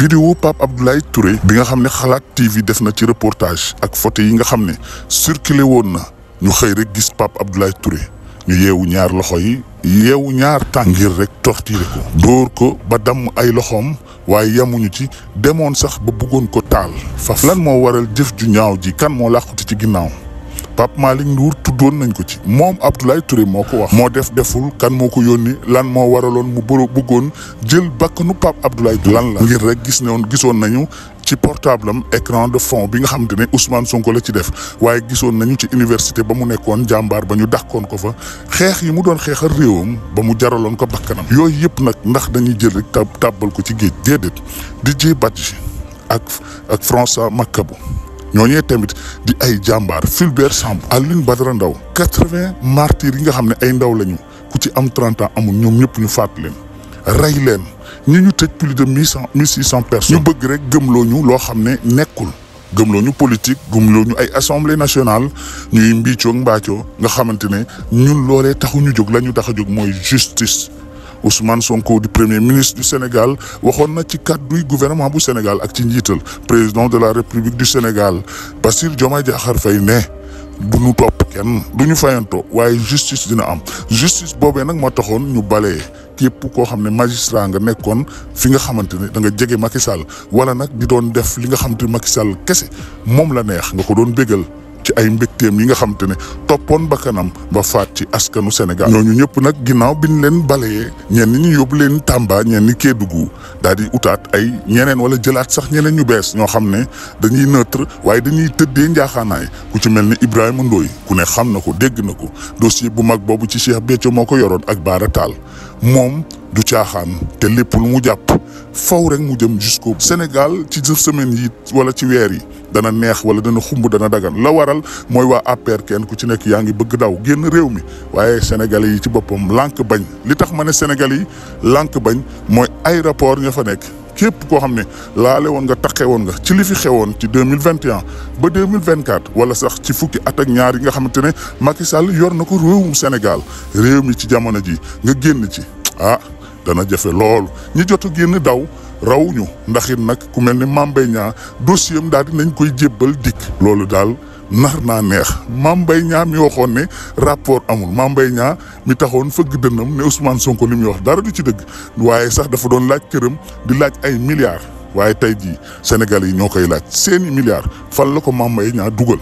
vidéo Pape Abdoulaye Touré bi nga xam ne Xalaat TV def na ci reportage ak photo yi nga xam ne circulé woon na ñu xëy rek gis Pape Abdoulaye Touré ñu yeewu ñaar loxo yi yeewu ñaar tàngir rek torturé ko dóor ko ba damm ay loxoom waaye yemuñu ci demoon sax ba bëggoon ko taal faf lan moo waral jëf ju ñaaw ji kan moo làquti ci ginnaaw Pape Malick Ndour tuddoon nañ ko ci moom Abdoulaye Touré moo ko wax moo def deful kan moo ko yónni lan moo waraloon mu bëroo bëggoon jël bakkanu Pape Abdoulaye Touré lan la ngir rek gis ne woon gisoon nañu ci portable am écran de fond bi nga xam te ne Ousmane Sonko la ci def waaye gisoon nañu ci université ba mu nekkoon jàmbaar ba ñu dàqoon ko fa xeex yi mu doon xeexal réewam ba mu jaraloon ko bakkanam yooyu yëpp nag ndax dañuy jël rek tàbbal ko ci géej déedéet di jee Badji ak ak François Mancabou ñoo ñooñee tamit di ay jàmbaar Fulbert Sambou Alioune Badara Ndao quatre-vingts martyrs yi nga xam ne ay ndaw lañu ku ci am trente ans amul ñoom ñëpp ñu faat leen rey leen ñi ñu tëj plus de mille cent mille ñu bëgg rek gëmloo ñu loo xam ne nekkul gëmloo ñu politique gëmloo ñu ay assemblée nationale ñuy mbiicoo mbaacoo nga xamante ne ñun loolee taxu ñu jóg la ñu tax a jóg mooy justice Ousmane Sonko di premier ministre du Sénégal waxoon na ci kàdduy gouvernement bu Sénégal ak ci njiital président de la République du Sénégal Bassirou Diomaye Diakhar fay ne bu ñu topp kenn du ñu fayantoo waaye justice dina am justice boobee nag moo taxoon ñu balee képp koo xam ne magistrat nga nekkoon fi nga xamante ne da nga jege Macky wala nag di doon def li nga xamante ne Macky Sall kese moom la neex nga ko doon bégal ay mbégteem yi nga xam te ne toppoon bakkanam ba faat ci askanu Sénégal ñooñu ñëpp nag ginnaaw bi biñ leen balayee ñenn ñi yóbbu leen Tamba ñenn ñi Kédougou daal di utaat ay ñeneen wala jëlaat sax ñeneen ñu bees ñoo xam ne dañuy neutre waaye dañuy tëddee njaaxaanaay ku ci mel ni Ibrahima Ndoye ku ne xam na ko dégg na ko dossier bu mag boobu ci Cheikh Béthio moo ko yoroon ak Bara Tall moom du caaxaan te lépp lu mu jàpp faw rek mu jëm jusqu'au Sénégal ci semaine yi wala ci weer yi dana neex wala dana xumb dana dagan la waral mooy waa APR kenn ku ci nekk yaa ngi bëgg daw génn réew mi waaye sénégalais yi ci boppam lànk bañ li tax ma ne sénégal yi lànk bañ mooy aéroport ña fa nekk. képp koo xam ne laale woon nga taqe woon nga ci li fi xewoon ci deux mille vingt et ba deux mille vingt quatre wala sax ci fukki at ak ñaar yi nga xamante ne Macky Sall yor na ko réewum Sénégal réew mi ci jamono ji nga génn ci ah dana jafe lool ñi jot génn daw. rawuñu ndax it nag ku mel ni Mame Mbaye Niang dossier am daal di nañ koy jébbal dikk loolu daal nar naa neex Mame Mbaye Niang mi waxoon ne rapport amul Mame ñaa Niang mi taxoon fëgg dënnam ne Ousmane Sonko li muy wax dara du ci dëgg waaye sax dafa doon laaj këram di laaj ay milliards waaye tey jii Sénégal yi ñoo koy laaj seeni milliards fan la ko Mame Mbaye Niang dugal.